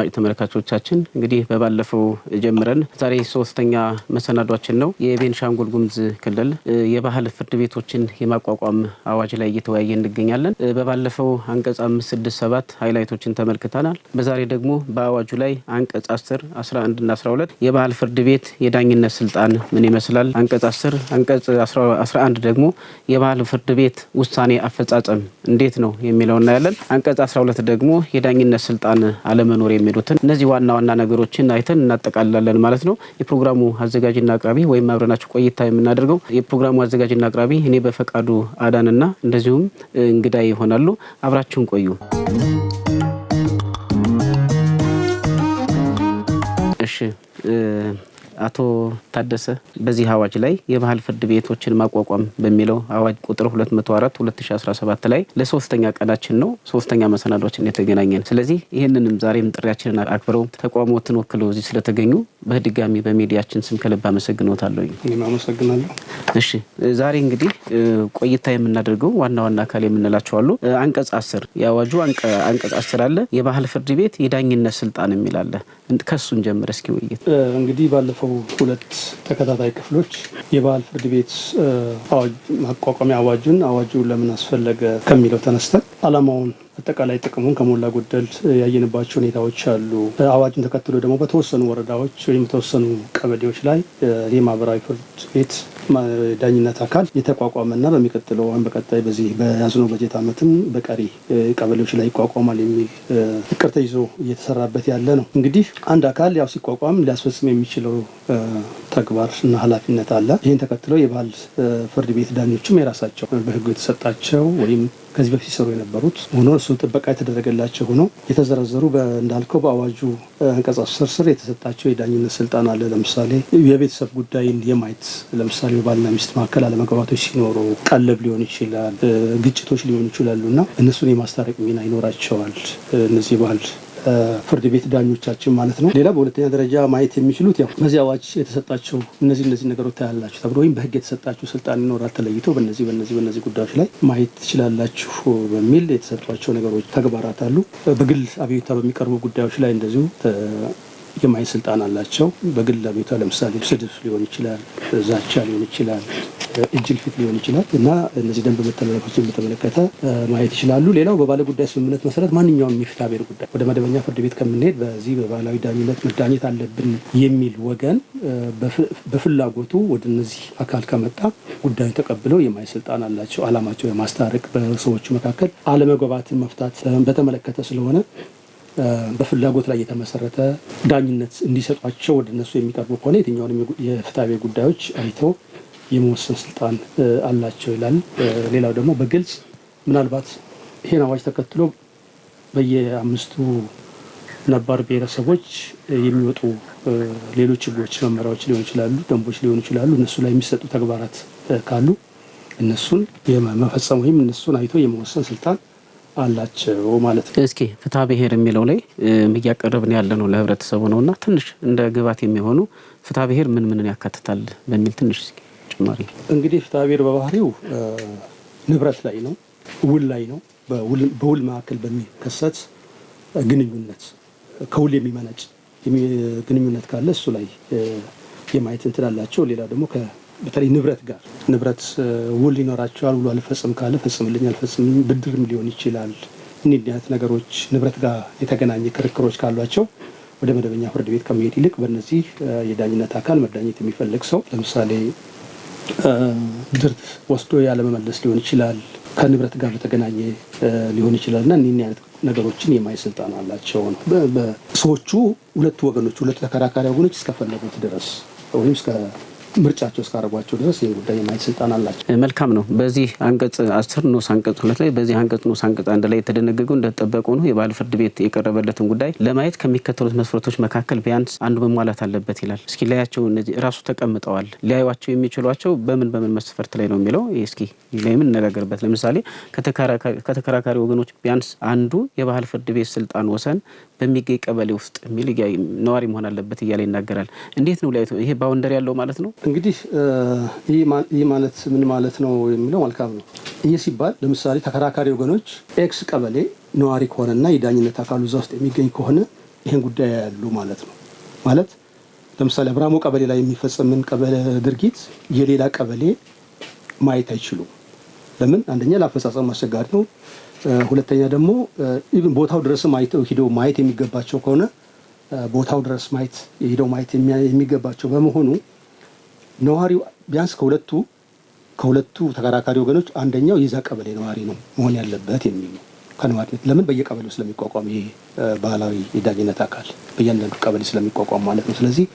አድማጭ ተመልካቾቻችን እንግዲህ በባለፈው ጀምረን ዛሬ ሶስተኛ መሰናዷችን ነው። የቤንሻንጉል ጉምዝ ክልል የባህል ፍርድ ቤቶችን የማቋቋም አዋጅ ላይ እየተወያየ እንገኛለን። በባለፈው አንቀጽ አምስት ስድስት ሰባት ሀይላይቶችን ተመልክተናል። በዛሬ ደግሞ በአዋጁ ላይ አንቀጽ አስር አስራ አንድ ና አስራ ሁለት የባህል ፍርድ ቤት የዳኝነት ስልጣን ምን ይመስላል፣ አንቀጽ አስር አንቀጽ አስራ አንድ ደግሞ የባህል ፍርድ ቤት ውሳኔ አፈጻጸም እንዴት ነው የሚለው እናያለን። አንቀጽ አስራ ሁለት ደግሞ የዳኝነት ስልጣን አለመኖር የሚ የሚሉትን እነዚህ ዋና ዋና ነገሮችን አይተን እናጠቃልላለን ማለት ነው። የፕሮግራሙ አዘጋጅና አቅራቢ ወይም አብረናችሁ ቆይታ የምናደርገው የፕሮግራሙ አዘጋጅና አቅራቢ እኔ በፈቃዱ አዳንና እንደዚሁም እንግዳ ይሆናሉ። አብራችሁን ቆዩ። እሺ አቶ ታደሰ በዚህ አዋጅ ላይ የባህል ፍርድ ቤቶችን ማቋቋም በሚለው አዋጅ ቁጥር 204 2017 ላይ ለሶስተኛ ቀናችን ነው ሶስተኛ መሰናዷችን የተገናኘን። ስለዚህ ይህንንም ዛሬም ጥሪያችንን አክብረው ተቋሞትን ወክለው እዚህ ስለተገኙ በድጋሚ በሚዲያችን ስም ከልብ አመሰግኖታለሁ። እሺ ዛሬ እንግዲህ ቆይታ የምናደርገው ዋና ዋና አካል የምንላቸው አሉ። አንቀጽ አስር የአዋጁ አንቀጽ አስር አለ የባህል ፍርድ ቤት የዳኝነት ስልጣን የሚላለ ከሱን ጀምር እስኪ ውይይት እንግዲህ ባለፈው ሁለት ተከታታይ ክፍሎች የባህል ፍርድ ቤት ማቋቋሚያ አዋጁን አዋጁ ለምን አስፈለገ ከሚለው ተነስተን ዓላማውን አጠቃላይ ጥቅሙን ከሞላ ጎደል ያየንባቸው ሁኔታዎች አሉ። አዋጅን ተከትሎ ደግሞ በተወሰኑ ወረዳዎች ወይም በተወሰኑ ቀበሌዎች ላይ ይህ ማህበራዊ ፍርድ ቤት ዳኝነት አካል የተቋቋመና በሚቀጥለው ወይም በቀጣይ በዚህ በያዝነው በጀት ዓመትም በቀሪ ቀበሌዎች ላይ ይቋቋማል የሚል እቅድ ተይዞ እየተሰራበት ያለ ነው። እንግዲህ አንድ አካል ያው ሲቋቋም ሊያስፈጽም የሚችለው ተግባር እና ኃላፊነት አለ። ይህን ተከትሎ የባህል ፍርድ ቤት ዳኞችም የራሳቸው በህጉ የተሰጣቸው ወይም ከዚህ በፊት ሲሰሩ የነበሩት ሆኖ እሱ ጥበቃ የተደረገላቸው ሆኖ የተዘረዘሩ እንዳልከው በአዋጁ አንቀጽ አስር ስር የተሰጣቸው የዳኝነት ስልጣን አለ። ለምሳሌ የቤተሰብ ጉዳይን የማየት ለምሳሌ በባልና ሚስት መካከል አለመግባባቶች ሲኖሩ ቀለብ ሊሆን ይችላል፣ ግጭቶች ሊሆኑ ይችላሉ እና እነሱን የማስታረቅ ሚና ይኖራቸዋል እነዚህ ባህል ፍርድ ቤት ዳኞቻችን ማለት ነው። ሌላ በሁለተኛ ደረጃ ማየት የሚችሉት ያው በዚህ አዋጅ የተሰጣቸው እነዚህ እነዚህ ነገሮች ታያላችሁ ተብሎ ወይም በህግ የተሰጣቸው ስልጣን ይኖራል ተለይቶ በነዚህ በነዚህ በነዚህ ጉዳዮች ላይ ማየት ትችላላችሁ በሚል የተሰጧቸው ነገሮች ተግባራት አሉ። በግል አብዮታ በሚቀርቡ ጉዳዮች ላይ እንደዚሁ የማየት ስልጣን አላቸው። በግል ቤቷ ለምሳሌ ስድብ ሊሆን ይችላል፣ ዛቻ ሊሆን ይችላል፣ እጅ እልፊት ሊሆን ይችላል እና እነዚህ ደንብ መተላለፎችን በተመለከተ ማየት ይችላሉ። ሌላው በባለ ጉዳይ ስምምነት መሰረት ማንኛውም የፍትሐ ብሔር ጉዳይ ወደ መደበኛ ፍርድ ቤት ከምንሄድ በዚህ በባህላዊ ዳኝነት መዳኘት አለብን የሚል ወገን በፍላጎቱ ወደ እነዚህ አካል ከመጣ ጉዳዩን ተቀብለው የማየት ስልጣን አላቸው። አላማቸው የማስታረቅ በሰዎቹ መካከል አለመግባባትን መፍታት በተመለከተ ስለሆነ በፍላጎት ላይ የተመሰረተ ዳኝነት እንዲሰጧቸው ወደ እነሱ የሚቀርቡ ከሆነ የትኛውንም የፍትሐ ጉዳዮች አይተው የመወሰን ስልጣን አላቸው ይላል። ሌላው ደግሞ በግልጽ ምናልባት ይሄን አዋጅ ተከትሎ በየአምስቱ ነባር ብሔረሰቦች የሚወጡ ሌሎች ህጎች፣ መመሪያዎች ሊሆኑ ይችላሉ፣ ደንቦች ሊሆኑ ይችላሉ። እነሱ ላይ የሚሰጡ ተግባራት ካሉ እነሱን የመፈጸም ወይም እነሱን አይቶ የመወሰን ስልጣን አላቸው ማለት ነው። እስኪ ፍትሐ ብሔር የሚለው ላይ እያቀረብን ያለ ነው ለህብረተሰቡ ነው እና ትንሽ እንደ ግባት የሚሆኑ ፍትሐ ብሔር ምን ምንን ያካትታል በሚል ትንሽ ጭማሪ። እንግዲህ ፍትሐ ብሔር በባህሪው ንብረት ላይ ነው፣ ውል ላይ ነው። በውል መካከል በሚከሰት ግንኙነት ከውል የሚመነጭ ግንኙነት ካለ እሱ ላይ የማየት እንትላላቸው ሌላ ደግሞ በተለይ ንብረት ጋር ንብረት ውል ይኖራቸዋል። ውሉ አልፈጽም ካለ ፈጽምልኝ አልፈጽም ብድርም ሊሆን ይችላል። እንዲህ አይነት ነገሮች ንብረት ጋር የተገናኘ ክርክሮች ካሏቸው ወደ መደበኛ ፍርድ ቤት ከመሄድ ይልቅ በእነዚህ የዳኝነት አካል መዳኘት የሚፈልግ ሰው ለምሳሌ ብድር ወስዶ ያለመመለስ ሊሆን ይችላል። ከንብረት ጋር በተገናኘ ሊሆን ይችላል እና እኒህ አይነት ነገሮችን የማየት ስልጣን አላቸው ነው። ሰዎቹ ሁለቱ ወገኖች ሁለቱ ተከራካሪ ወገኖች እስከፈለጉት ድረስ ወይም ምርጫቸው እስካደረጓቸው ድረስ ይህ ጉዳይ የማየት ስልጣን አላቸው። መልካም ነው። በዚህ አንቀጽ አስር ንዑስ አንቀጽ ሁለት ላይ በዚህ አንቀጽ ንዑስ አንቀጽ አንድ ላይ የተደነገገው እንደተጠበቀ ነው። የባል ፍርድ ቤት የቀረበለትን ጉዳይ ለማየት ከሚከተሉት መስፈርቶች መካከል ቢያንስ አንዱ መሟላት አለበት ይላል። እስኪ ላያቸው እነዚህ ራሱ ተቀምጠዋል። ሊያዩቸው የሚችሏቸው በምን በምን መስፈርት ላይ ነው የሚለው እስኪ የምንነጋገርበት ለምሳሌ ከተከራካሪ ወገኖች ቢያንስ አንዱ የባህል ፍርድ ቤት ስልጣን ወሰን በሚገኝ ቀበሌ ውስጥ የሚል ነዋሪ መሆን አለበት እያለ ይናገራል። እንዴት ነው ይሄ ባውንደር ያለው ማለት ነው እንግዲህ ይህ ማለት ምን ማለት ነው የሚለው መልካም ነው። ይህ ሲባል ለምሳሌ ተከራካሪ ወገኖች ኤክስ ቀበሌ ነዋሪ ከሆነና የዳኝነት አካሉ እዛ ውስጥ የሚገኝ ከሆነ ይህን ጉዳይ ያሉ ማለት ነው። ማለት ለምሳሌ አብራሞ ቀበሌ ላይ የሚፈጸምን ቀበሌ ድርጊት የሌላ ቀበሌ ማየት አይችሉም። ለምን? አንደኛ ለአፈጻጸም አስቸጋሪ ነው። ሁለተኛ ደግሞ ኢቭን ቦታው ድረስም አይተው ሂደው ማየት የሚገባቸው ከሆነ ቦታው ድረስ ማየት ሂደው ማየት የሚገባቸው በመሆኑ ነዋሪው ቢያንስ ከሁለቱ ከሁለቱ ተከራካሪ ወገኖች አንደኛው የዛ ቀበሌ ነዋሪ ነው መሆን ያለበት የሚል ነው። ከነዋሪነት ለምን በየቀበሌው ስለሚቋቋም ይሄ ባህላዊ የዳኝነት አካል በእያንዳንዱ ቀበሌ ስለሚቋቋም ማለት ነው። ስለዚህ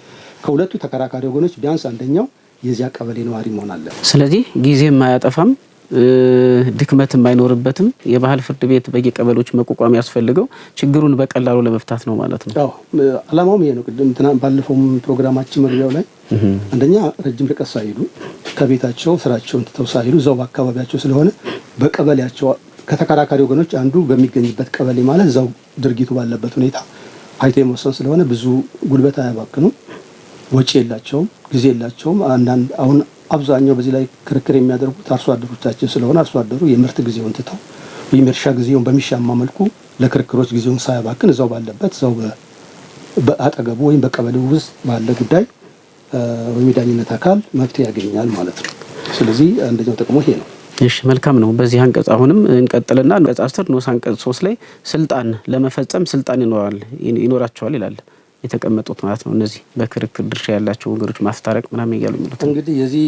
ከሁለቱ ተከራካሪ ወገኖች ቢያንስ አንደኛው የዚያ ቀበሌ ነዋሪ መሆን አለ። ስለዚህ ጊዜም አያጠፋም ድክመትም አይኖርበትም። የባህል ፍርድ ቤት በየቀበሌዎች መቋቋም ያስፈልገው ችግሩን በቀላሉ ለመፍታት ነው ማለት ነው። አላማውም ይሄ ነው። ቅድም ባለፈው ፕሮግራማችን መግቢያው ላይ አንደኛ ረጅም ርቀት ሳይሄዱ ከቤታቸው ስራቸውን ትተው ሳይሄዱ እዛው በአካባቢያቸው ስለሆነ በቀበሌያቸው ከተከራካሪ ወገኖች አንዱ በሚገኝበት ቀበሌ ማለት እዛው ድርጊቱ ባለበት ሁኔታ አይቶ የመወሰን ስለሆነ ብዙ ጉልበት አያባክኑም፣ ወጪ የላቸውም፣ ጊዜ የላቸውም። አንዳንድ አሁን አብዛኛው በዚህ ላይ ክርክር የሚያደርጉት አርሶ አደሮቻችን ስለሆነ አርሶ አደሩ የምርት ጊዜውን ትተው ወይም የእርሻ ጊዜውን በሚሻማ መልኩ ለክርክሮች ጊዜውን ሳያባክን እዛው ባለበት እዛው በአጠገቡ ወይም በቀበሌው ውስጥ ባለ ጉዳይ ወይም የዳኝነት አካል መፍትሄ ያገኛል ማለት ነው። ስለዚህ አንደኛው ጥቅሙ ይሄ ነው። እሺ መልካም ነው። በዚህ አንቀጽ አሁንም እንቀጥልና አንቀጽ አስር ንዑስ አንቀጽ ሶስት ላይ ስልጣን ለመፈጸም ስልጣን ይኖራል ይኖራቸዋል ይላል። የተቀመጡት ማለት ነው። እነዚህ በክርክር ድርሻ ያላቸው ወገኖች ማስታረቅ ምናምን እያሉ የሚሉት እንግዲህ የዚህ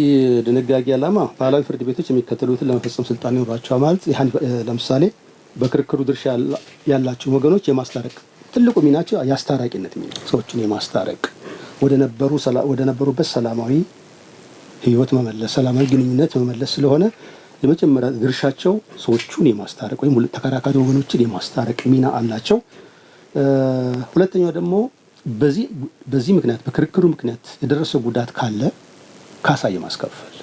ድንጋጌ ዓላማ ባህላዊ ፍርድ ቤቶች የሚከተሉትን ለመፈጸም ስልጣን ይኖራቸዋል ማለት ለምሳሌ በክርክሩ ድርሻ ያላቸው ወገኖች የማስታረቅ ትልቁ ሚናቸው የአስታራቂነት ሚና ሰዎችን የማስታረቅ ወደ ነበሩበት ሰላማዊ ህይወት መመለስ፣ ሰላማዊ ግንኙነት መመለስ ስለሆነ የመጀመሪያ ድርሻቸው ሰዎቹን የማስታረቅ ወይም ተከራካሪ ወገኖችን የማስታረቅ ሚና አላቸው። ሁለተኛው ደግሞ በዚህ ምክንያት በክርክሩ ምክንያት የደረሰው ጉዳት ካለ ካሳ የማስከፈል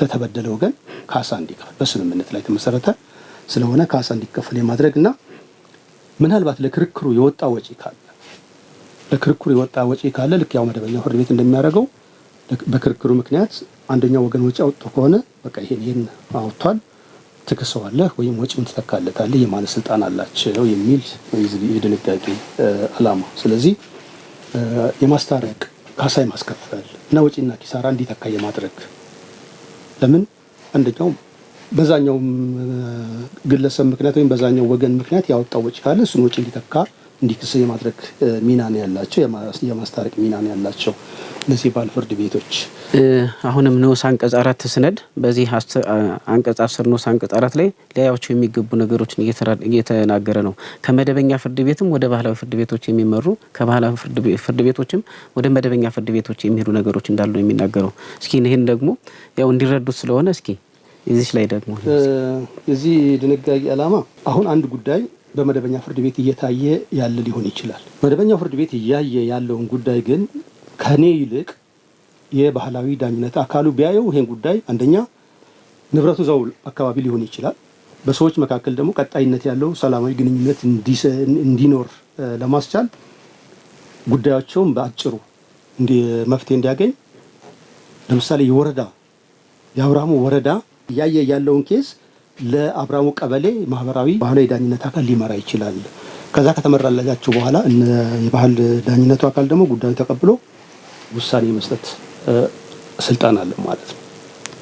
ለተበደለ ወገን ካሳ እንዲከፈል በስምምነት ላይ የተመሰረተ ስለሆነ ካሳ እንዲከፈል የማድረግ እና ምናልባት ለክርክሩ የወጣ ወጪ ካለ ለክርክሩ የወጣ ወጪ ካለ ልክ ያው መደበኛው ፍርድ ቤት እንደሚያደርገው በክርክሩ ምክንያት አንደኛው ወገን ወጪ አውጥቶ ከሆነ በቃ ይሄን አውጥቷል ትክሰዋለህ ወይም ወጪውን ትተካለታለህ የማለት ስልጣን አላቸው የሚል የድንጋጌ አላማ። ስለዚህ የማስታረቅ ካሳ የማስከፈል እና ወጪና ኪሳራ እንዲተካ የማድረግ ለምን አንደኛው በዛኛው ግለሰብ ምክንያት ወይም በዛኛው ወገን ምክንያት ያወጣው ወጪ ካለ እሱን ወጪ እንዲተካ እንዲክሱ የማድረግ ሚና ነው ያላቸው፣ የማስታረቅ ሚና ነው ያላቸው እነዚህ ባለ ፍርድ ቤቶች። አሁንም ንዑስ አንቀጽ አራት ስነድ በዚህ አንቀጽ አስር ንዑስ አንቀጽ አራት ላይ ሊያያቸው የሚገቡ ነገሮችን እየተናገረ ነው። ከመደበኛ ፍርድ ቤትም ወደ ባህላዊ ፍርድ ቤቶች የሚመሩ ከባህላዊ ፍርድ ቤቶችም ወደ መደበኛ ፍርድ ቤቶች የሚሄዱ ነገሮች እንዳሉ ነው የሚናገረው። እስኪ ይህን ደግሞ ያው እንዲረዱት ስለሆነ እስኪ እዚህ ላይ ደግሞ የዚህ ድንጋጌ ዓላማ አሁን አንድ ጉዳይ በመደበኛ ፍርድ ቤት እየታየ ያለ ሊሆን ይችላል። መደበኛው ፍርድ ቤት እያየ ያለውን ጉዳይ ግን ከኔ ይልቅ የባህላዊ ዳኝነት አካሉ ቢያየው ይሄን ጉዳይ አንደኛ ንብረቱ እዛው አካባቢ ሊሆን ይችላል። በሰዎች መካከል ደግሞ ቀጣይነት ያለው ሰላማዊ ግንኙነት እንዲኖር ለማስቻል ጉዳያቸውን በአጭሩ መፍትሄ እንዲያገኝ ለምሳሌ የወረዳ የአብርሃሙ ወረዳ እያየ ያለውን ኬስ ለአብራሙ ቀበሌ ማህበራዊ ባህላዊ ዳኝነት አካል ሊመራ ይችላል። ከዛ ከተመራላቸው በኋላ የባህል ዳኝነቱ አካል ደግሞ ጉዳዩ ተቀብሎ ውሳኔ መስጠት ስልጣን አለ ማለት ነው።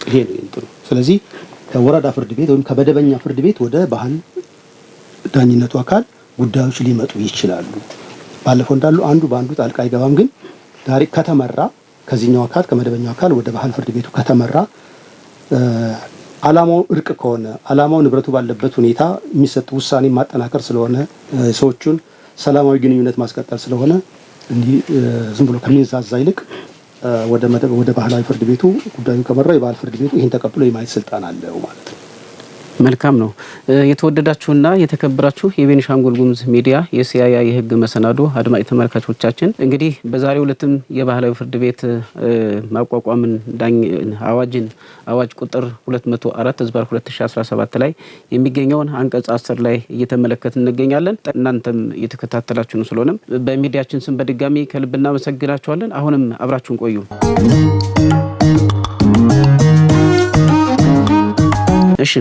ይሄ ነው እንትኑ። ስለዚህ ከወረዳ ፍርድ ቤት ወይም ከመደበኛ ፍርድ ቤት ወደ ባህል ዳኝነቱ አካል ጉዳዮች ሊመጡ ይችላሉ። ባለፈው እንዳሉ አንዱ በአንዱ ጣልቃ አይገባም፣ ግን ዛሬ ከተመራ ከዚህኛው አካል ከመደበኛው አካል ወደ ባህል ፍርድ ቤቱ ከተመራ አላማው እርቅ ከሆነ አላማው ንብረቱ ባለበት ሁኔታ የሚሰጥ ውሳኔ ማጠናከር ስለሆነ ሰዎቹን ሰላማዊ ግንኙነት ማስቀጠል ስለሆነ እንዲህ ዝም ብሎ ከሚንዛዛ ይልቅ ወደ ባህላዊ ፍርድ ቤቱ ጉዳዩ ከመራ የባህል ፍርድ ቤቱ ይህን ተቀብሎ የማየት ስልጣን አለው ማለት ነው። መልካም ነው። የተወደዳችሁና የተከበራችሁ የቤኒሻንጉል ጉሙዝ ሚዲያ የሲያያ የህግ መሰናዶ አድማጭ ተመልካቾቻችን እንግዲህ በዛሬው ዕለትም የባህላዊ ፍርድ ቤት ማቋቋምን አዋጅን አዋጅ ቁጥር 204 ህዝባር 2017 ላይ የሚገኘውን አንቀጽ አስር ላይ እየተመለከት እንገኛለን። እናንተም እየተከታተላችሁን ስለሆነም በሚዲያችን ስም በድጋሚ ከልብ እናመሰግናችኋለን። አሁንም አብራችሁን ቆዩ። እሺ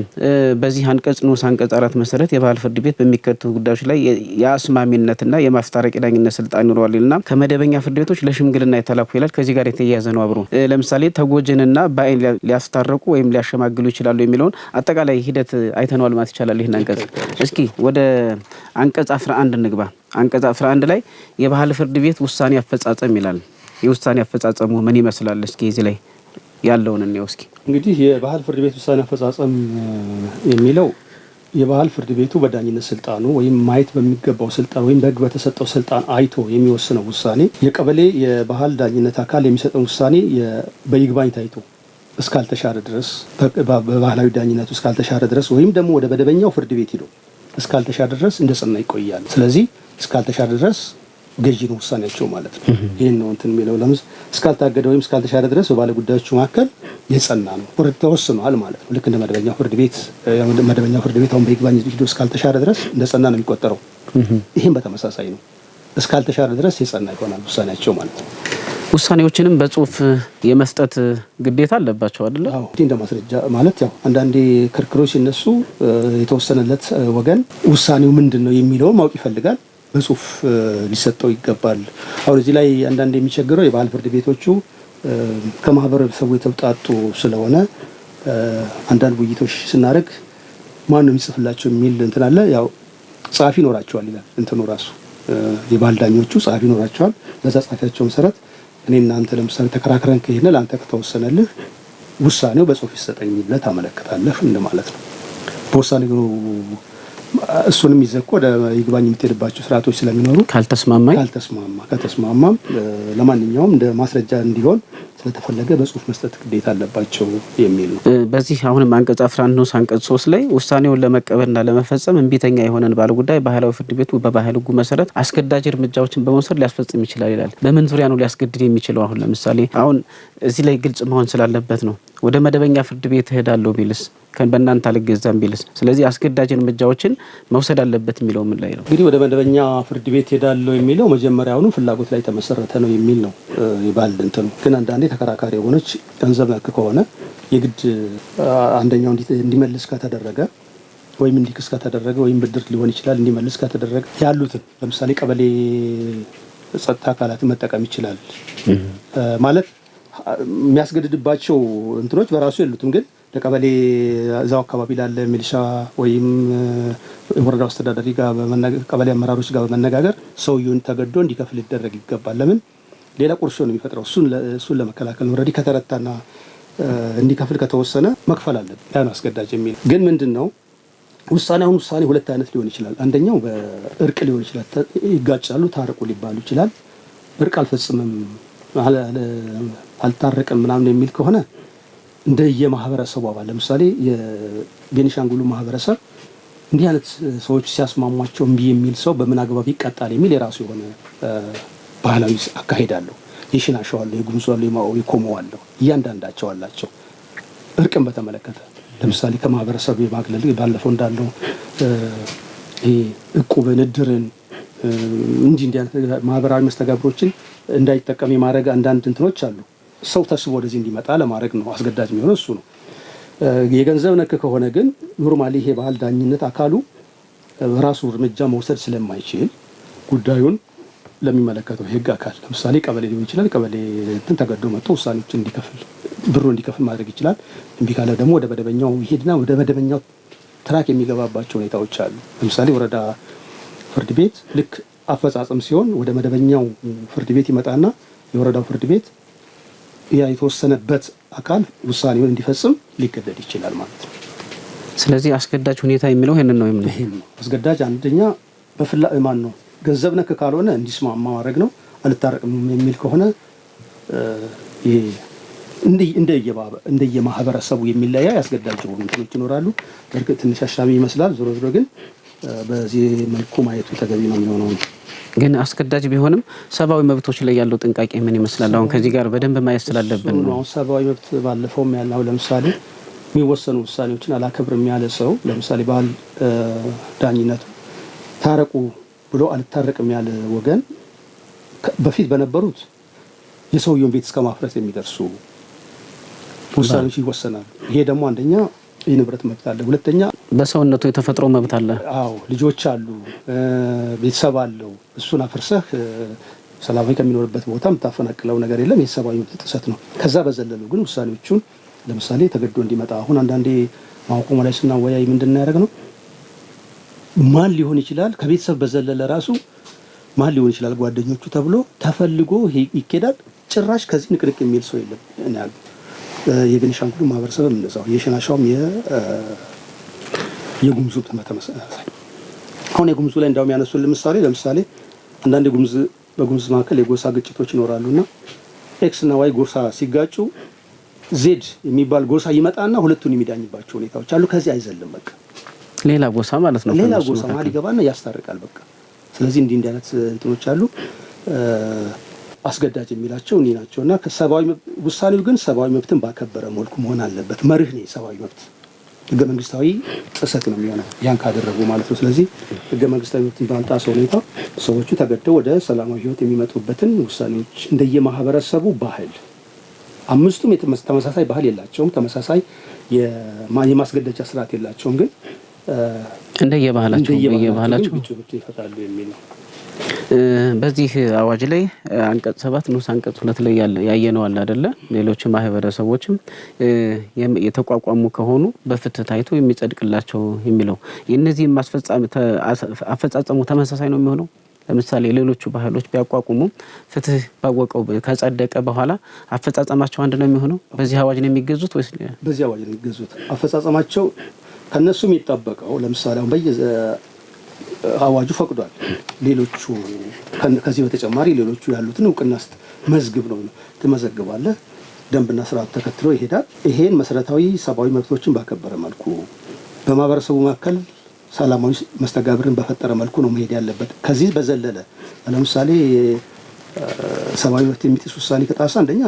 በዚህ አንቀጽ ንዑስ አንቀጽ አራት መሰረት የባህል ፍርድ ቤት በሚከተሉ ጉዳዮች ላይ የአስማሚነትና የማስታረቅ ዳኝነት ስልጣን ይኖረዋል ይልና ከመደበኛ ፍርድ ቤቶች ለሽምግልና የተላኩ ይላል። ከዚህ ጋር የተያያዘ ነው አብሮ ለምሳሌ ተጎጅንና በአይን ሊያስታረቁ ወይም ሊያሸማግሉ ይችላሉ የሚለውን አጠቃላይ ሂደት አይተነዋል ማለት ይቻላል። ይህን አንቀጽ እስኪ ወደ አንቀጽ አስራ አንድ እንግባ። አንቀጽ አስራ አንድ ላይ የባህል ፍርድ ቤት ውሳኔ አፈጻጸም ይላል። የውሳኔ አፈጻጸሙ ምን ይመስላል? እስኪ እዚህ ላይ ያለውን እኔ እስኪ እንግዲህ የባህል ፍርድ ቤት ውሳኔ አፈጻጸም የሚለው የባህል ፍርድ ቤቱ በዳኝነት ስልጣኑ ወይም ማየት በሚገባው ስልጣን ወይም በህግ በተሰጠው ስልጣን አይቶ የሚወስነው ውሳኔ የቀበሌ የባህል ዳኝነት አካል የሚሰጠው ውሳኔ በይግባኝ ታይቶ እስካልተሻረ ድረስ በባህላዊ ዳኝነቱ እስካልተሻረ ድረስ ወይም ደግሞ ወደ መደበኛው ፍርድ ቤት ሂዶ እስካልተሻረ ድረስ እንደ ጽና ይቆያል። ስለዚህ እስካልተሻረ ድረስ ገዢ ነው ውሳኔያቸው ማለት ነው። ይህን ነው እንትን የሚለው ለምስ እስካልታገደ ወይም እስካልተሻረ ድረስ በባለ ጉዳዮቹ መካከል የጸና ነው፣ ተወስኗል ማለት ነው። ልክ እንደ መደበኛ ፍርድ ቤት መደበኛ ፍርድ ቤት አሁን በይግባኝ ሂዶ እስካልተሻረ ድረስ እንደ ጸና ነው የሚቆጠረው። ይህም በተመሳሳይ ነው። እስካልተሻረ ድረስ የጸና ይሆናል ውሳኔያቸው ማለት ነው። ውሳኔዎችንም በጽሁፍ የመስጠት ግዴታ አለባቸው አይደለ? አዎ፣ እንደ ማስረጃ ማለት ያው አንዳንዴ ክርክሮች ሲነሱ የተወሰነለት ወገን ውሳኔው ምንድን ነው የሚለውን ማወቅ ይፈልጋል። በጽሁፍ ሊሰጠው ይገባል። አሁን እዚህ ላይ አንዳንድ የሚቸግረው የባህል ፍርድ ቤቶቹ ከማህበረሰቡ የተውጣጡ ስለሆነ አንዳንድ ውይይቶች ስናደርግ ማነው የሚጽፍላቸው የሚል እንትን አለ። ያው ጸሐፊ ይኖራቸዋል ይላል እንትኑ ራሱ የባህል ዳኞቹ ጸሐፊ ይኖራቸዋል። በዛ ጸሐፊያቸው መሰረት እኔ እናንተ ለምሳሌ ተከራክረን ከሄነ ለአንተ ከተወሰነልህ ውሳኔው በጽሁፍ ይሰጠኝ ብለህ ታመለክታለህ እንደማለት ነው። በውሳኔው እሱንም ይዘኮ ወደ ይግባኝ የምትሄድባቸው ስርዓቶች ስለሚኖሩ ካልተስማማ ካልተስማማ ከተስማማ ለማንኛውም እንደ ማስረጃ እንዲሆን ስለተፈለገ በጽሁፍ መስጠት ግዴታ አለባቸው የሚል ነው። በዚህ አሁንም አንቀጽ አስራ አንድ ንዑስ አንቀጽ ሶስት ላይ ውሳኔውን ለመቀበልና ለመፈጸም እምቢተኛ የሆነን ባለጉዳይ ባህላዊ ፍርድ ቤቱ በባህል ሕጉ መሰረት አስገዳጅ እርምጃዎችን በመውሰድ ሊያስፈጽም ይችላል ይላል። በምን ዙሪያ ነው ሊያስገድድ የሚችለው? አሁን ለምሳሌ አሁን እዚህ ላይ ግልጽ መሆን ስላለበት ነው። ወደ መደበኛ ፍርድ ቤት እሄዳለሁ ቢልስ በእናንተ አልገዛም ቢልስ? ስለዚህ አስገዳጅ እርምጃዎችን መውሰድ አለበት የሚለው ምን ላይ ነው? እንግዲህ ወደ መደበኛ ፍርድ ቤት ሄዳለው የሚለው መጀመሪያውኑ ፍላጎት ላይ ተመሰረተ ነው የሚል ነው ይባል እንትኑ። ግን አንዳንዴ ተከራካሪ የሆነች ገንዘብ ነክ ከሆነ የግድ አንደኛው እንዲመልስ ከተደረገ ወይም እንዲክስ ከተደረገ ወይም ብድር ሊሆን ይችላል እንዲመልስ ከተደረገ ያሉትን ለምሳሌ ቀበሌ ጸጥታ አካላትን መጠቀም ይችላል ማለት የሚያስገድድባቸው እንትኖች በራሱ የሉትም። ግን ለቀበሌ እዛው አካባቢ ላለ ሚሊሻ ወይም ወረዳ አስተዳዳሪ ቀበሌ አመራሮች ጋር በመነጋገር ሰውየውን ተገዶ እንዲከፍል ሊደረግ ይገባል። ለምን ሌላ ቁርሾ ነው የሚፈጥረው። እሱን ለመከላከል ረዲ ከተረታና እንዲከፍል ከተወሰነ መክፈል አለብን። ያ ነው አስገዳጅ የሚል ግን ምንድን ነው ውሳኔ አሁን ውሳኔ ሁለት አይነት ሊሆን ይችላል። አንደኛው በእርቅ ሊሆን ይችላል። ይጋጫሉ፣ ታርቁ ሊባሉ ይችላል። እርቅ አልፈጽምም አልታረቀም ምናምን የሚል ከሆነ እንደ የማህበረሰቡ አባል ለምሳሌ የቤኒሻንጉሉ ማህበረሰብ እንዲህ አይነት ሰዎች ሲያስማሟቸው እምቢ የሚል ሰው በምን አግባብ ይቀጣል የሚል የራሱ የሆነ ባህላዊ አካሄድ አለው። የሽናሻው አለው፣ የጉምዙ አለው፣ የኮሞ አለው። እያንዳንዳቸው አላቸው። እርቅን በተመለከተ ለምሳሌ ከማህበረሰብ የማግለል ባለፈው እንዳለው እቁብን፣ እድርን እንዲህ እንዲህ ማህበራዊ መስተጋብሮችን እንዳይጠቀም የማድረግ አንዳንድ እንትኖች አሉ። ሰው ተስቦ ወደዚህ እንዲመጣ ለማድረግ ነው አስገዳጅ የሚሆነ እሱ ነው። የገንዘብ ነክ ከሆነ ግን ኖርማሊ ይሄ ባህል ዳኝነት አካሉ በራሱ እርምጃ መውሰድ ስለማይችል ጉዳዩን ለሚመለከተው የህግ አካል ለምሳሌ ቀበሌ ሊሆን ይችላል። ቀበሌ እንትን ተገዶ መጥቶ ውሳኔዎች እንዲከፍል ብሩ እንዲከፍል ማድረግ ይችላል። እንቢ ካለ ደግሞ ወደ መደበኛው ይሄድና ወደ መደበኛው ትራክ የሚገባባቸው ሁኔታዎች አሉ። ለምሳሌ ወረዳ ፍርድ ቤት ልክ አፈጻጸም ሲሆን ወደ መደበኛው ፍርድ ቤት ይመጣና የወረዳው ፍርድ ቤት ያ የተወሰነበት አካል ውሳኔውን እንዲፈጽም ሊገደድ ይችላል ማለት ነው። ስለዚህ አስገዳጅ ሁኔታ የሚለው ይህንን ነው የሚለው ነው። አስገዳጅ አንደኛ በፍላ ማን ነው ገንዘብ ነክ ካልሆነ እንዲስማማ ማድረግ ነው። አልታረቅም የሚል ከሆነ እንደየማህበረሰቡ የሚለያ ያስገዳጅ የሆኑ እንትኖች ይኖራሉ። በእርግጥ ትንሽ አሻሚ ይመስላል። ዞሮ ዞሮ ግን በዚህ መልኩ ማየቱ ተገቢ ነው የሚሆነው ነው። ግን አስገዳጅ ቢሆንም ሰብአዊ መብቶች ላይ ያለው ጥንቃቄ ምን ይመስላል? አሁን ከዚህ ጋር በደንብ ማየት ስላለብን ነው። ሰብአዊ መብት ባለፈውም ያለው ለምሳሌ የሚወሰኑ ውሳኔዎችን አላከብርም ያለ ሰው ለምሳሌ ባህል ዳኝነቱ ታረቁ ብሎ አልታረቅም ያለ ወገን በፊት በነበሩት የሰውየውን ቤት እስከ ማፍረስ የሚደርሱ ውሳኔዎች ይወሰናል። ይሄ ደግሞ አንደኛ የንብረት መብት አለ። ሁለተኛ በሰውነቱ የተፈጥሮ መብት አለ። አዎ ልጆች አሉ፣ ቤተሰብ አለው። እሱን አፍርሰህ ሰላማዊ ከሚኖርበት ቦታ የምታፈናቅለው ነገር የለም። የሰብአዊ መብት ጥሰት ነው። ከዛ በዘለለው ግን ውሳኔዎቹን ለምሳሌ ተገዶ እንዲመጣ አሁን አንዳንዴ ማቆሙ ላይ ስናወያይ ምንድን ያደረግ ነው ማን ሊሆን ይችላል ከቤተሰብ በዘለለ ራሱ ማን ሊሆን ይችላል ጓደኞቹ ተብሎ ተፈልጎ ይኬዳል። ጭራሽ ከዚህ ንቅንቅ የሚል ሰው የለም። የቤኒሻንጉል ማህበረሰብ እንደዛው የሽናሻውም የጉምዙ ተመሳሳይ። አሁን የጉምዙ ላይ እንዳውም ያነሱ ለምሳሌ ለምሳሌ አንዳንድ የጉምዝ በጉምዝ መካከል የጎሳ ግጭቶች ይኖራሉ እና ኤክስ እና ዋይ ጎሳ ሲጋጩ ዜድ የሚባል ጎሳ ይመጣና ሁለቱን የሚዳኝባቸው ሁኔታዎች አሉ። ከዚህ አይዘልም። በቃ ሌላ ጎሳ ማለት ነው። ሌላ ጎሳ መሀል ይገባና ያስታርቃል። በቃ ስለዚህ እንዲህ እንዲህ አይነት እንትኖች አሉ። አስገዳጅ የሚላቸው እኔ ናቸው እና ውሳኔው ግን ሰብአዊ መብትን ባከበረ መልኩ መሆን አለበት። መርህ ነው የሰብአዊ መብት ህገ መንግስታዊ ጥሰት ነው የሚሆነው ያን ካደረጉ ማለት ነው። ስለዚህ ህገ መንግስታዊ መብትን ባልጣሰ ሁኔታ ሰዎቹ ተገደው ወደ ሰላማዊ ህይወት የሚመጡበትን ውሳኔዎች እንደየማህበረሰቡ ባህል አምስቱም ተመሳሳይ ባህል የላቸውም። ተመሳሳይ የማስገደጃ ስርዓት የላቸውም። ግን እንደየባህላቸው ይፈጣሉ የሚል ነው። በዚህ አዋጅ ላይ አንቀጽ ሰባት ንዑስ አንቀጽ ሁለት ላይ ያየነዋል አይደለ? ሌሎች ማህበረሰቦችም የተቋቋሙ ከሆኑ በፍትህ ታይቶ የሚጸድቅላቸው የሚለው የእነዚህም አፈጻጸሙ ተመሳሳይ ነው የሚሆነው። ለምሳሌ ሌሎቹ ባህሎች ቢያቋቁሙ ፍትህ ባወቀው ከጸደቀ በኋላ አፈጻጸማቸው አንድ ነው የሚሆነው። በዚህ አዋጅ ነው የሚገዙት ወይስ በዚህ አዋጅ ነው የሚገዙት? አፈጻጸማቸው ከእነሱ የሚጠበቀው ለምሳሌ አሁን አዋጁ ፈቅዷል። ሌሎቹ ከዚህ በተጨማሪ ሌሎቹ ያሉትን እውቅና መዝግብ ነው ትመዘግባለህ። ደንብና ስርዓት ተከትሎ ይሄዳል። ይሄን መሰረታዊ ሰብአዊ መብቶችን ባከበረ መልኩ በማህበረሰቡ መካከል ሰላማዊ መስተጋብርን በፈጠረ መልኩ ነው መሄድ ያለበት። ከዚህ በዘለለ ለምሳሌ ሰብአዊ መብት የሚጥስ ውሳኔ ከጣሳ አንደኛ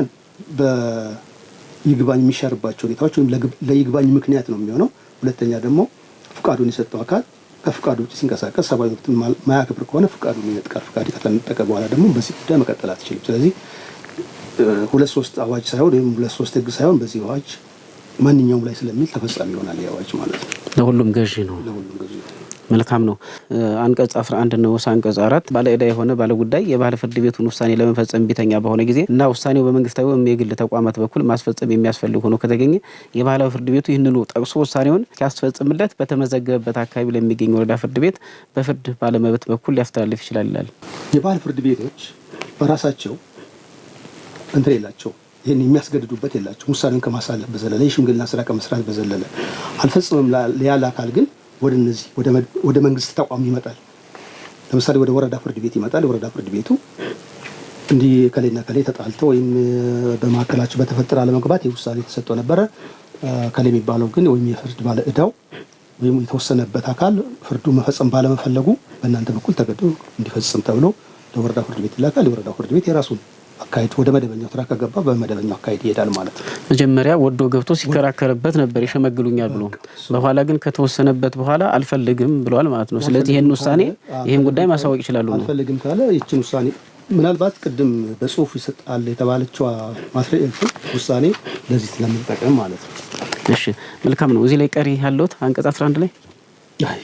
በይግባኝ የሚሻርባቸው ሁኔታዎች ወይም ለይግባኝ ምክንያት ነው የሚሆነው። ሁለተኛ ደግሞ ፍቃዱን የሰጠው አካል ከፍቃድ ውጭ ሲንቀሳቀስ ሰብአዊ መብት ማያከብር ከሆነ ፍቃዱን ይነጥቃል። ፍቃድ ከተነጠቀ በኋላ ደግሞ በዚህ ጉዳይ መቀጠል አትችልም። ስለዚህ ሁለት ሶስት አዋጅ ሳይሆን ወይም ሁለት ሶስት ህግ ሳይሆን በዚህ አዋጅ ማንኛውም ላይ ስለሚል ተፈጻሚ ይሆናል የአዋጅ ማለት ነው። ለሁሉም ገዢ ነው። ለሁሉም ገዢ ነው። መልካም ነው። አንቀጽ 11 እና ንዑስ አንቀጽ አራት ባለዕዳ የሆነ ባለጉዳይ ጉዳይ የባህል ፍርድ ቤቱን ውሳኔ ለመፈጸም ቢተኛ በሆነ ጊዜ እና ውሳኔው በመንግስታዊ ወይም የግል ተቋማት በኩል ማስፈጸም የሚያስፈልግ ሆኖ ከተገኘ የባህላዊ ፍርድ ቤቱ ይህንኑ ጠቅሶ ውሳኔውን ሲያስፈጽምለት በተመዘገበበት አካባቢ ለሚገኝ ወረዳ ፍርድ ቤት በፍርድ ባለመብት በኩል ሊያስተላልፍ ይችላል ይላል። የባህል ፍርድ ቤቶች በራሳቸው እንትን የላቸው ይህን የሚያስገድዱበት የላቸው ውሳኔውን ከማሳለፍ በዘለለ የሽምግልና ስራ ከመስራት በዘለለ አልፈጽምም ያለ አካል ግን ወደ እነዚህ ወደ መንግስት ተቋም ይመጣል። ለምሳሌ ወደ ወረዳ ፍርድ ቤት ይመጣል። ወረዳ ፍርድ ቤቱ እንዲህ ከሌና ከሌ ተጣልቶ ወይም በመካከላቸው በተፈጠረ አለመግባት ውሳኔ ተሰጥቶ ነበረ። ከሌ የሚባለው ግን ወይም የፍርድ ባለ እዳው ወይም የተወሰነበት አካል ፍርዱ መፈጸም ባለመፈለጉ በእናንተ በኩል ተገዶ እንዲፈጽም ተብሎ ለወረዳ ፍርድ ቤት ይላካል። የወረዳ ፍርድ ቤት የራሱን አካሄድ ወደ መደበኛው ትራክ ከገባ በመደበኛው አካሄድ ይሄዳል ማለት ነው። መጀመሪያ ወዶ ገብቶ ሲከራከርበት ነበር ይሸመግሉኛል ብሎ፣ በኋላ ግን ከተወሰነበት በኋላ አልፈልግም ብሏል ማለት ነው። ስለዚህ ይህን ውሳኔ ይህን ጉዳይ ማሳወቅ ይችላሉ። አልፈልግም ካለ ይችን ውሳኔ ምናልባት ቅድም በጽሁፍ ይሰጣል የተባለችው ማስረጃ ውሳኔ ለዚህ ስለምንጠቀም ማለት ነው። እሺ መልካም ነው። እዚህ ላይ ቀሪ ያለሁት አንቀጽ 11 ላይ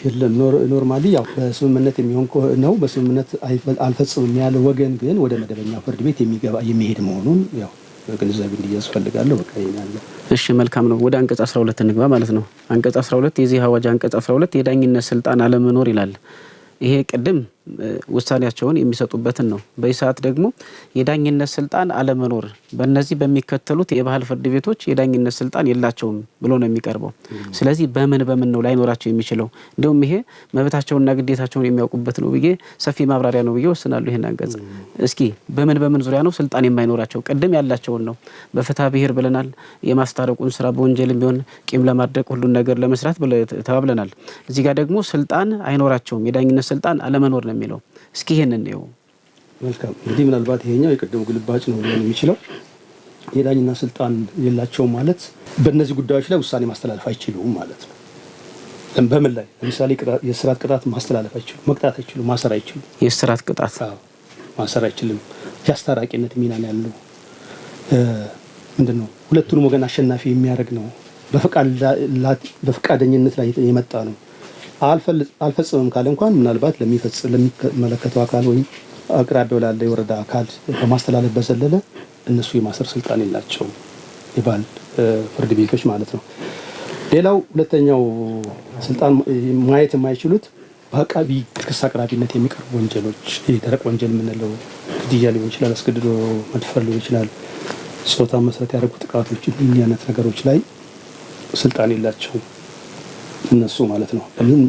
የለም ኖርማሊ ያው በስምምነት የሚሆን ነው። በስምምነት አልፈጽምም ያለ ወገን ግን ወደ መደበኛ ፍርድ ቤት የሚሄድ መሆኑን ያው ግንዛቤ እንዲያዝ ፈልጋለሁ። በቃ ያለ እሺ፣ መልካም ነው። ወደ አንቀጽ 12 እንግባ ማለት ነው። አንቀጽ 12 የዚህ አዋጅ አንቀጽ 12 የዳኝነት ስልጣን አለመኖር ይላል። ይሄ ቅድም ውሳኔያቸውን የሚሰጡበትን ነው። በዚህ ሰዓት ደግሞ የዳኝነት ስልጣን አለመኖር በእነዚህ በሚከተሉት የባህል ፍርድ ቤቶች የዳኝነት ስልጣን የላቸውም ብሎ ነው የሚቀርበው። ስለዚህ በምን በምን ነው ላይኖራቸው የሚችለው? እንዲሁም ይሄ መብታቸውንና ግዴታቸውን የሚያውቁበት ነው ብዬ ሰፊ ማብራሪያ ነው ብዬ ወስናሉ። ይህን አንቀጽ እስኪ በምን በምን ዙሪያ ነው ስልጣን የማይኖራቸው? ቅድም ያላቸውን ነው በፍትሐ ብሔር ብለናል። የማስታረቁን ስራ በወንጀልም ቢሆን ቂም ለማድረግ ሁሉን ነገር ለመስራት ተባብለናል። እዚህ ጋር ደግሞ ስልጣን አይኖራቸውም የዳኝነት ስልጣን አለመኖር ነው ነው የሚለው። እስኪ ይህንን ነው። መልካም እንግዲህ ምናልባት ይሄኛው የቀደሙ ግልባጭ ነው ሊሆን የሚችለው የዳኝና ስልጣን የላቸው ማለት በእነዚህ ጉዳዮች ላይ ውሳኔ ማስተላለፍ አይችሉም ማለት ነው። በምን ላይ ለምሳሌ የስራት ቅጣት ማስተላለፍ አይችሉ፣ መቅጣት አይችሉ፣ ማሰር አይችሉ። የስራት ቅጣት ማሰር አይችልም። የአስታራቂነት ሚና ነው ያለው። ምንድን ነው ሁለቱንም ወገን አሸናፊ የሚያደርግ ነው። በፈቃደኝነት ላይ የመጣ ነው። አልፈጽምም ካለ እንኳን ምናልባት ለሚመለከተው አካል ወይም አቅራቢያው ላለ የወረዳ አካል በማስተላለፍ በዘለለ እነሱ የማሰር ስልጣን የላቸውም፣ የባህል ፍርድ ቤቶች ማለት ነው። ሌላው ሁለተኛው ስልጣን ማየት የማይችሉት በአቃቢ ክስ አቅራቢነት የሚቀርቡ ወንጀሎች ደረቅ ወንጀል የምንለው ግድያ ሊሆን ይችላል፣ አስገድዶ መድፈር ሊሆን ይችላል፣ ጾታ መሰረት ያደረጉ ጥቃቶች፣ እኚህ አይነት ነገሮች ላይ ስልጣን የላቸውም። እነሱ ማለት ነው። ለምን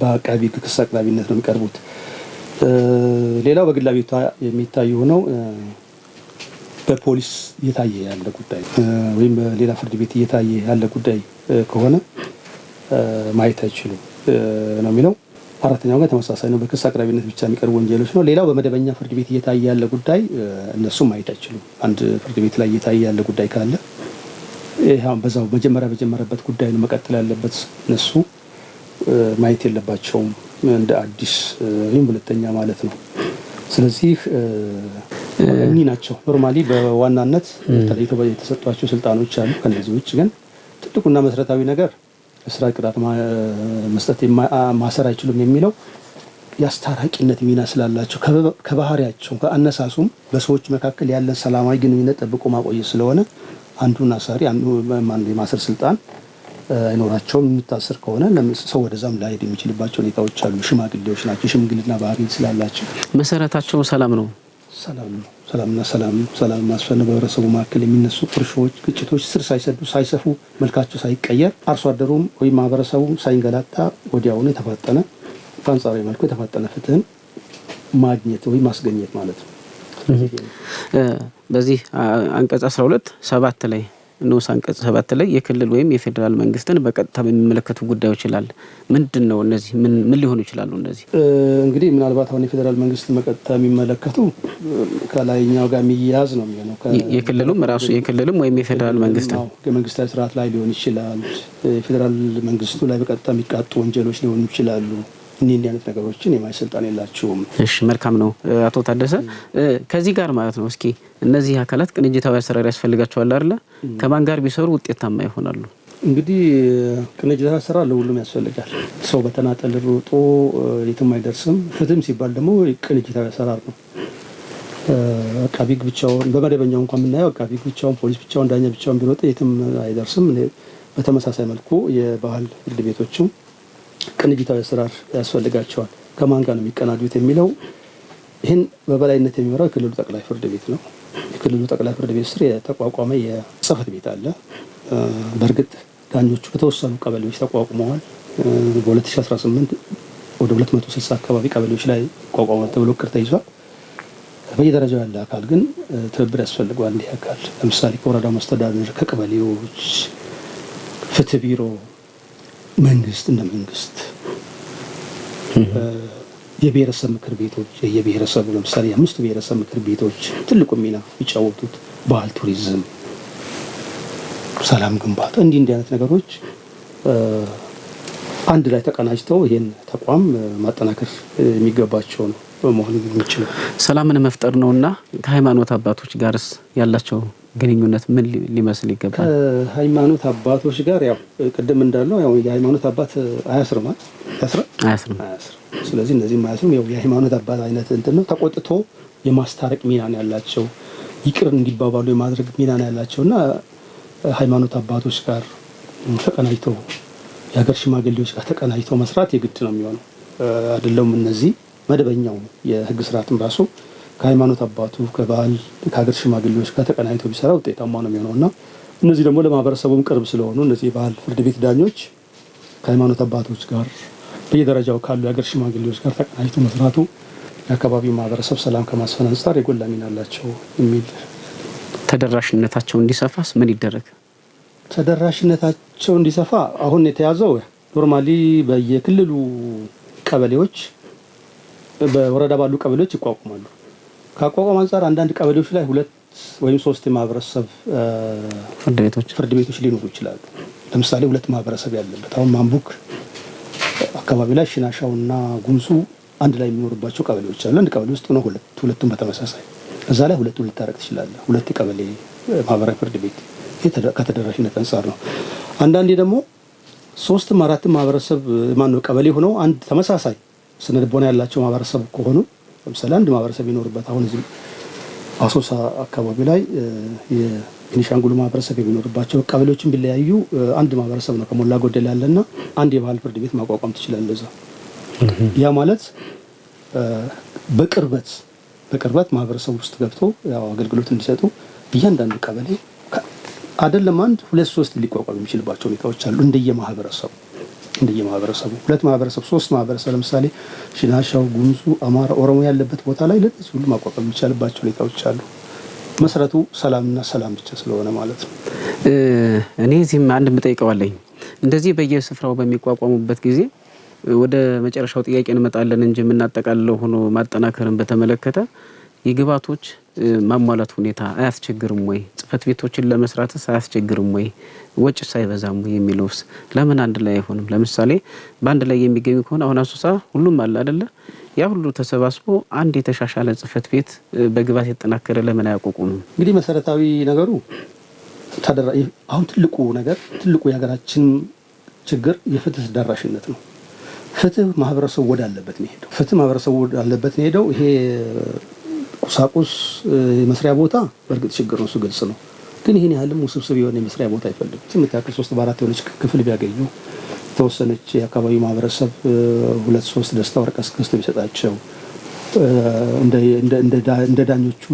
በአቃቢ ክስ አቅራቢነት ነው የሚቀርቡት። ሌላው በግላ ቤቷ የሚታይ ሆነው በፖሊስ እየታየ ያለ ጉዳይ ወይም በሌላ ፍርድ ቤት እየታየ ያለ ጉዳይ ከሆነ ማየት አይችሉም ነው የሚለው። አራተኛው ጋር ተመሳሳይ ነው። በክስ አቅራቢነት ብቻ የሚቀርቡ ወንጀሎች ነው። ሌላው በመደበኛ ፍርድ ቤት እየታየ ያለ ጉዳይ እነሱም ማየት አይችሉም። አንድ ፍርድ ቤት ላይ እየታየ ያለ ጉዳይ ካለ በዛው መጀመሪያ በጀመረበት ጉዳይ ነው መቀጠል ያለበት። እነሱ ማየት የለባቸውም እንደ አዲስ ወይም ሁለተኛ ማለት ነው። ስለዚህ እኒህ ናቸው ኖርማሊ በዋናነት ተለይቶ የተሰጧቸው ስልጣኖች አሉ። ከነዚህ ውጭ ግን ትልቁና መሰረታዊ ነገር እስራት ቅጣት መስጠት ማሰር አይችሉም የሚለው የአስታራቂነት ሚና ስላላቸው ከባህሪያቸው ከአነሳሱም በሰዎች መካከል ያለን ሰላማዊ ግንኙነት ጠብቆ ማቆየት ስለሆነ አንዱን አሳሪ አንዱ የማሰር ስልጣን አይኖራቸውም። የምታሰር ከሆነ ሰው ወደዛም ላይሄድ የሚችልባቸው ሁኔታዎች አሉ። ሽማግሌዎች ናቸው። ሽምግልና ባህሪ ስላላቸው መሰረታቸው ሰላም ነው። ሰላም ነው። ሰላምና ሰላም ሰላም ማስፈን በህብረተሰቡ መካከል የሚነሱ ቁርሾዎች፣ ግጭቶች ስር ሳይሰዱ ሳይሰፉ መልካቸው ሳይቀየር አርሶ አደሩም ወይም ማህበረሰቡ ሳይንገላታ ወዲያውኑ የተፋጠነ በአንጻራዊ መልኩ የተፋጠነ ፍትህን ማግኘት ወይም ማስገኘት ማለት ነው። በዚህ አንቀጽ 12 ሰባት ላይ ንዑስ አንቀጽ ሰባት ላይ የክልል ወይም የፌዴራል መንግስትን በቀጥታ በሚመለከቱ ጉዳዮች ይላል። ምንድን ነው እነዚህ? ምን ሊሆኑ ይችላሉ? እነዚህ እንግዲህ ምናልባት አሁን የፌዴራል መንግስትን በቀጥታ የሚመለከቱ ከላይኛው ጋር የሚያያዝ ነው የሚሆነው። የክልሉም ራሱ የክልልም ወይም የፌዴራል መንግስት መንግስታዊ ስርዓት ላይ ሊሆን ይችላል። የፌዴራል መንግስቱ ላይ በቀጥታ የሚቃጡ ወንጀሎች ሊሆኑ ይችላሉ። እንዲህ እንዲህ አይነት ነገሮችን የማየት የላችሁም። እሺ መልካም ነው አቶ ታደሰ። ከዚህ ጋር ማለት ነው እስኪ እነዚህ አካላት ቅንጅታዊ አሰራር ያስፈልጋቸዋል አይደለ? ከማን ጋር ቢሰሩ ውጤታማ ይሆናሉ? እንግዲህ ቅንጅታዊ አሰራር ለሁሉም ያስፈልጋል። ሰው በተናጠል ሮጦ የትም አይደርስም። ፍትህም ሲባል ደግሞ ቅንጅታዊ አሰራር ነው። አቃቤ ሕግ ብቻውን በመደበኛው እንኳን የምናየው አቃቤ ብቻውን፣ ፖሊስ ብቻውን፣ ዳኛ ብቻውን ቢሮጥ የትም አይደርስም። በተመሳሳይ መልኩ የባህል ፍርድ ቤቶችም ቅንጅታዊ አሰራር ያስፈልጋቸዋል። ከማን ጋር ነው የሚቀናጁት የሚለው ይህን በበላይነት የሚመራው የክልሉ ጠቅላይ ፍርድ ቤት ነው። የክልሉ ጠቅላይ ፍርድ ቤት ስር የተቋቋመ የጽህፈት ቤት አለ። በእርግጥ ዳኞቹ በተወሰኑ ቀበሌዎች ተቋቁመዋል። በ2018 ወደ 260 አካባቢ ቀበሌዎች ላይ ይቋቋማል ተብሎ እቅድ ተይዟል። በየደረጃው ያለ አካል ግን ትብብር ያስፈልገዋል። እንዲህ አካል ለምሳሌ ከወረዳው መስተዳድር፣ ከቀበሌዎች፣ ፍትህ ቢሮ መንግስት እንደ መንግስት የብሔረሰብ ምክር ቤቶች የብሔረሰቡ ለምሳሌ አምስቱ ብሔረሰብ ምክር ቤቶች ትልቁ ሚና የሚጫወቱት ባህል፣ ቱሪዝም፣ ሰላም ግንባታ እንዲህ እንዲህ አይነት ነገሮች አንድ ላይ ተቀናጅተው ይህን ተቋም ማጠናከር የሚገባቸው ነው መሆን የሚችለው ሰላምን መፍጠር ነውና ከሃይማኖት አባቶች ጋርስ ያላቸው ግንኙነት ምን ሊመስል ይገባል? ከሃይማኖት አባቶች ጋር ያው ቅድም እንዳለው ያው የሃይማኖት አባት አያስርማል አያስርም። ስለዚህ እነዚህም አያስርም። ያው የሃይማኖት አባት አይነት እንትን ነው። ተቆጥቶ የማስታረቅ ሚና ነው ያላቸው፣ ይቅር እንዲባባሉ የማድረግ ሚና ነው ያላቸው እና ሃይማኖት አባቶች ጋር ተቀናጅቶ የሀገር ሽማግሌዎች ጋር ተቀናጅቶ መስራት የግድ ነው የሚሆነው። አይደለም እነዚህ መደበኛው የህግ ስርዓትም ራሱ ከሃይማኖት አባቱ ከባህል ከሀገር ሽማግሌዎች ጋር ተቀናኝቶ ቢሰራ ውጤታማ ነው የሚሆነው እና እነዚህ ደግሞ ለማህበረሰቡም ቅርብ ስለሆኑ እነዚህ የባህል ፍርድ ቤት ዳኞች ከሃይማኖት አባቶች ጋር በየደረጃው ካሉ የሀገር ሽማግሌዎች ጋር ተቀናጅቶ መስራቱ የአካባቢው ማህበረሰብ ሰላም ከማስፈን አንጻር የጎላ ሚና አላቸው የሚል ተደራሽነታቸው እንዲሰፋስ ምን ይደረግ? ተደራሽነታቸው እንዲሰፋ አሁን የተያዘው ኖርማሊ በየክልሉ ቀበሌዎች በወረዳ ባሉ ቀበሌዎች ይቋቁማሉ። ከአቋቋም አንጻር አንዳንድ ቀበሌዎች ላይ ሁለት ወይም ሶስት የማህበረሰብ ፍርድ ቤቶች ሊኖሩ ይችላሉ። ለምሳሌ ሁለት ማህበረሰብ ያለበት አሁን ማንቡክ አካባቢ ላይ ሽናሻው እና ጉምሱ አንድ ላይ የሚኖርባቸው ቀበሌዎች አሉ። አንድ ቀበሌ ውስጥ ነው ሁለቱም በተመሳሳይ እዛ ላይ ሁለቱ ልታረቅ ትችላለህ። ሁለት የቀበሌ ማህበራዊ ፍርድ ቤት ከተደራሽነት አንጻር ነው። አንዳንዴ ደግሞ ሶስትም አራትም ማህበረሰብ ማነው ቀበሌ ሆነው አንድ ተመሳሳይ ስነልቦና ያላቸው ማህበረሰብ ከሆኑ ለምሳሌ አንድ ማህበረሰብ ይኖርበት አሁን እዚህ አሶሳ አካባቢ ላይ የቤኒሻንጉል ማህበረሰብ የሚኖርባቸው ቀበሌዎችን ቢለያዩ አንድ ማህበረሰብ ነው ከሞላ ጎደል ያለና አንድ የባህል ፍርድ ቤት ማቋቋም ትችላለህ። እዛ ያ ማለት በቅርበት በቅርበት ማህበረሰብ ውስጥ ገብቶ ያው አገልግሎት እንዲሰጡ እያንዳንዱ ቀበሌ አይደለም አንድ ሁለት ሶስት ሊቋቋም የሚችልባቸው ሁኔታዎች አሉ እንደየ ማህበረሰቡ እንደየማህበረሰቡ ሁለት ማህበረሰብ ሶስት ማህበረሰብ ለምሳሌ ሽናሻው፣ ጉንዙ አማራ፣ ኦሮሞ ያለበት ቦታ ላይ ለዚህ ሁሉ ማቋቋም የሚቻልባቸው ሁኔታዎች አሉ። መሰረቱ ሰላምና ሰላም ብቻ ስለሆነ ማለት ነው። እኔ እዚህም አንድ ምጠይቀዋለኝ እንደዚህ በየስፍራው በሚቋቋሙበት ጊዜ ወደ መጨረሻው ጥያቄ እንመጣለን እንጂ የምናጠቃልለው ሆኖ ማጠናከርን በተመለከተ የግብዓቶች ማሟላት ሁኔታ አያስቸግርም ወይ? ጽህፈት ቤቶችን ለመስራትስ አያስቸግርም ወይ? ወጭ ሳይበዛም ወይ የሚለውስ ለምን አንድ ላይ አይሆንም? ለምሳሌ በአንድ ላይ የሚገኙ ከሆነ አሁን አሶሳ ሁሉም አለ አደለ? ያ ሁሉ ተሰባስቦ አንድ የተሻሻለ ጽህፈት ቤት በግባት የተጠናከረ ለምን አያቋቁሙም? እንግዲህ መሰረታዊ ነገሩ አሁን ትልቁ ነገር ትልቁ የሀገራችን ችግር የፍትህ ተደራሽነት ነው። ፍትህ ማህበረሰቡ ወዳለበት ነው ሄደው ፍትህ ማህበረሰቡ ወዳለበት ነው ሄደው ይሄ ቁሳቁስ የመስሪያ ቦታ በእርግጥ ችግር ነው፣ እሱ ግልጽ ነው። ግን ይህን ያህልም ውስብስብ የሆነ የመስሪያ ቦታ አይፈልግም። ያክል ሶስት በአራት የሆነች ክፍል ቢያገኙ የተወሰነች የአካባቢው ማህበረሰብ ሁለት ሶስት ደስታ ወረቀት ገዝቶ ቢሰጣቸው እንደ ዳኞቹ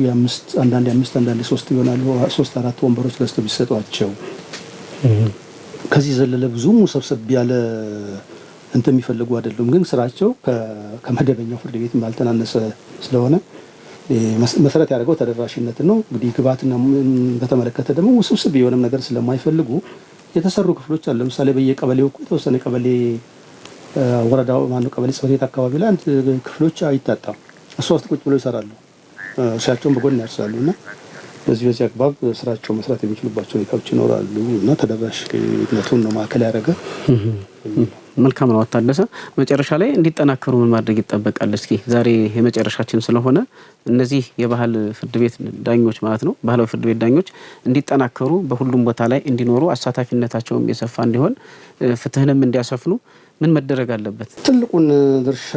አንዳንድ የአምስት አንዳንድ ሶስት ይሆናሉ ሶስት አራት ወንበሮች ገዝቶ ቢሰጧቸው ከዚህ ዘለለ ብዙም ውሰብሰብ ያለ እንትን የሚፈልጉ አይደሉም። ግን ስራቸው ከመደበኛው ፍርድ ቤት ባልተናነሰ ስለሆነ መሰረት ያደረገው ተደራሽነት ነው። እንግዲህ ግብዓትን በተመለከተ ደግሞ ውስብስብ የሆነም ነገር ስለማይፈልጉ የተሰሩ ክፍሎች አሉ። ለምሳሌ በየቀበሌው የተወሰነ ቀበሌ ወረዳ ማነው ቀበሌ ጽሕፈት ቤት አካባቢ ላይ አንድ ክፍሎች አይታጣም። እሷ ውስጥ ቁጭ ብለው ይሰራሉ፣ እርሻቸውን በጎን ያርሳሉ እና በዚህ በዚህ አግባብ ስራቸው መስራት የሚችሉባቸው ሁኔታዎች ይኖራሉ እና ተደራሽነቱን ነው ማዕከል ያደረገ መልካም ነው አታለሰ። መጨረሻ ላይ እንዲጠናከሩ ምን ማድረግ ይጠበቃል? እስኪ ዛሬ የመጨረሻችን ስለሆነ እነዚህ የባህል ፍርድ ቤት ዳኞች ማለት ነው ባህላዊ ፍርድ ቤት ዳኞች እንዲጠናከሩ በሁሉም ቦታ ላይ እንዲኖሩ አሳታፊነታቸውም የሰፋ እንዲሆን ፍትህንም እንዲያሰፍኑ ምን መደረግ አለበት? ትልቁን ድርሻ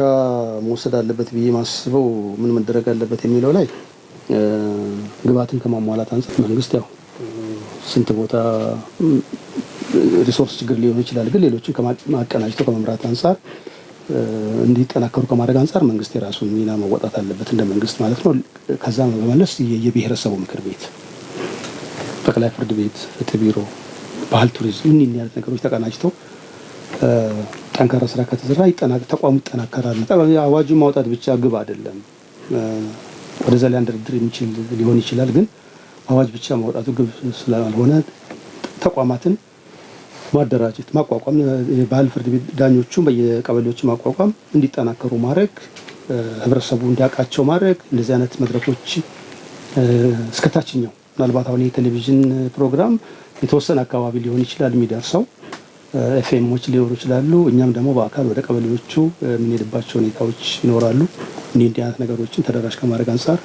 መውሰድ አለበት ብዬ ማስበው ምን መደረግ አለበት የሚለው ላይ ግባትን ከማሟላት አንጻር መንግስት ያው ስንት ቦታ ሪሶርስ ችግር ሊሆን ይችላል። ግን ሌሎችን ከማቀናጅተው ከመምራት አንጻር እንዲጠናከሩ ከማድረግ አንጻር መንግስት የራሱን ሚና መወጣት አለበት እንደ መንግስት ማለት ነው። ከዛ በመለስ የብሔረሰቡ ምክር ቤት፣ ጠቅላይ ፍርድ ቤት፣ ፍትህ ቢሮ፣ ባህል ቱሪዝም እኒህ ያሉት ነገሮች ተቀናጅተው ጠንካራ ስራ ከተሰራ ተቋሙ ይጠናከራል። አዋጁ ማውጣት ብቻ ግብ አይደለም። ወደዛ ላይ አንድርድር የሚችል ሊሆን ይችላል። ግን አዋጅ ብቻ ማውጣቱ ግብ ስላልሆነ ተቋማትን ማደራጀት፣ ማቋቋም የባህል ፍርድ ቤት ዳኞቹን በየቀበሌዎች ማቋቋም፣ እንዲጠናከሩ ማድረግ፣ ህብረተሰቡ እንዲያውቃቸው ማድረግ እንደዚህ አይነት መድረኮች እስከታችኛው ምናልባት አሁን የቴሌቪዥን ፕሮግራም የተወሰነ አካባቢ ሊሆን ይችላል የሚደርሰው ኤፍኤሞች ሊኖሩ ይችላሉ። እኛም ደግሞ በአካል ወደ ቀበሌዎቹ የምንሄድባቸው ሁኔታዎች ይኖራሉ። እንዲህ እንዲህ አይነት ነገሮችን ተደራሽ ከማድረግ አንጻር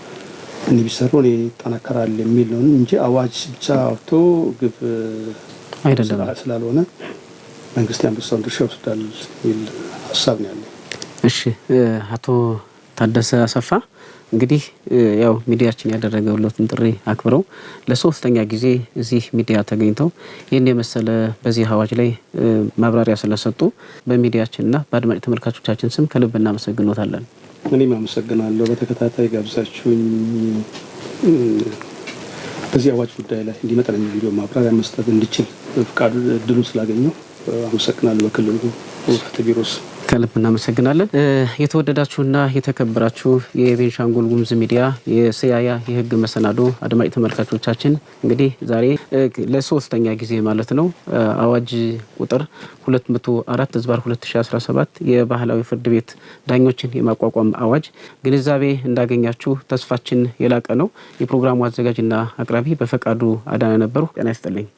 እንዲህ ቢሰሩ ይጠናከራል የሚል ነው እንጂ አዋጅ ብቻ አውጥቶ ግብ ስላልሆነ መንግስት ድርሻ ይወስዳል የሚል ሀሳብ ነው ያለው። እሺ አቶ ታደሰ አሰፋ እንግዲህ ያው ሚዲያችን ያደረገውለትን ጥሪ አክብረው ለሶስተኛ ጊዜ እዚህ ሚዲያ ተገኝተው ይህን የመሰለ በዚህ አዋጅ ላይ ማብራሪያ ስለሰጡ በሚዲያችንና በአድማጭ ተመልካቾቻችን ስም ከልብ እናመሰግኖታለን። እኔም አመሰግናለሁ። በተከታታይ ጋብዛችሁኝ በዚህ አዋጅ ጉዳይ ላይ እንዲመጠነኛ ቪዲዮ ማብራሪያ መስጠት እንድችል ፍቃድ እድሉ ስላገኘው አመሰግናለሁ። በክልሉ ፍትህ ቢሮስ ከልብ እናመሰግናለን። የተወደዳችሁና የተከበራችሁ የቤንሻንጉል ጉሙዝ ሚዲያ የሰያያ የህግ መሰናዶ አድማጭ ተመልካቾቻችን እንግዲህ ዛሬ ለሶስተኛ ጊዜ ማለት ነው አዋጅ ቁጥር 204 ዝባር 2017 የባህላዊ ፍርድ ቤት ዳኞችን የማቋቋም አዋጅ ግንዛቤ እንዳገኛችሁ ተስፋችን የላቀ ነው። የፕሮግራሙ አዘጋጅና አቅራቢ በፈቃዱ አዳነ ነበሩ። ጤና ይስጥልኝ።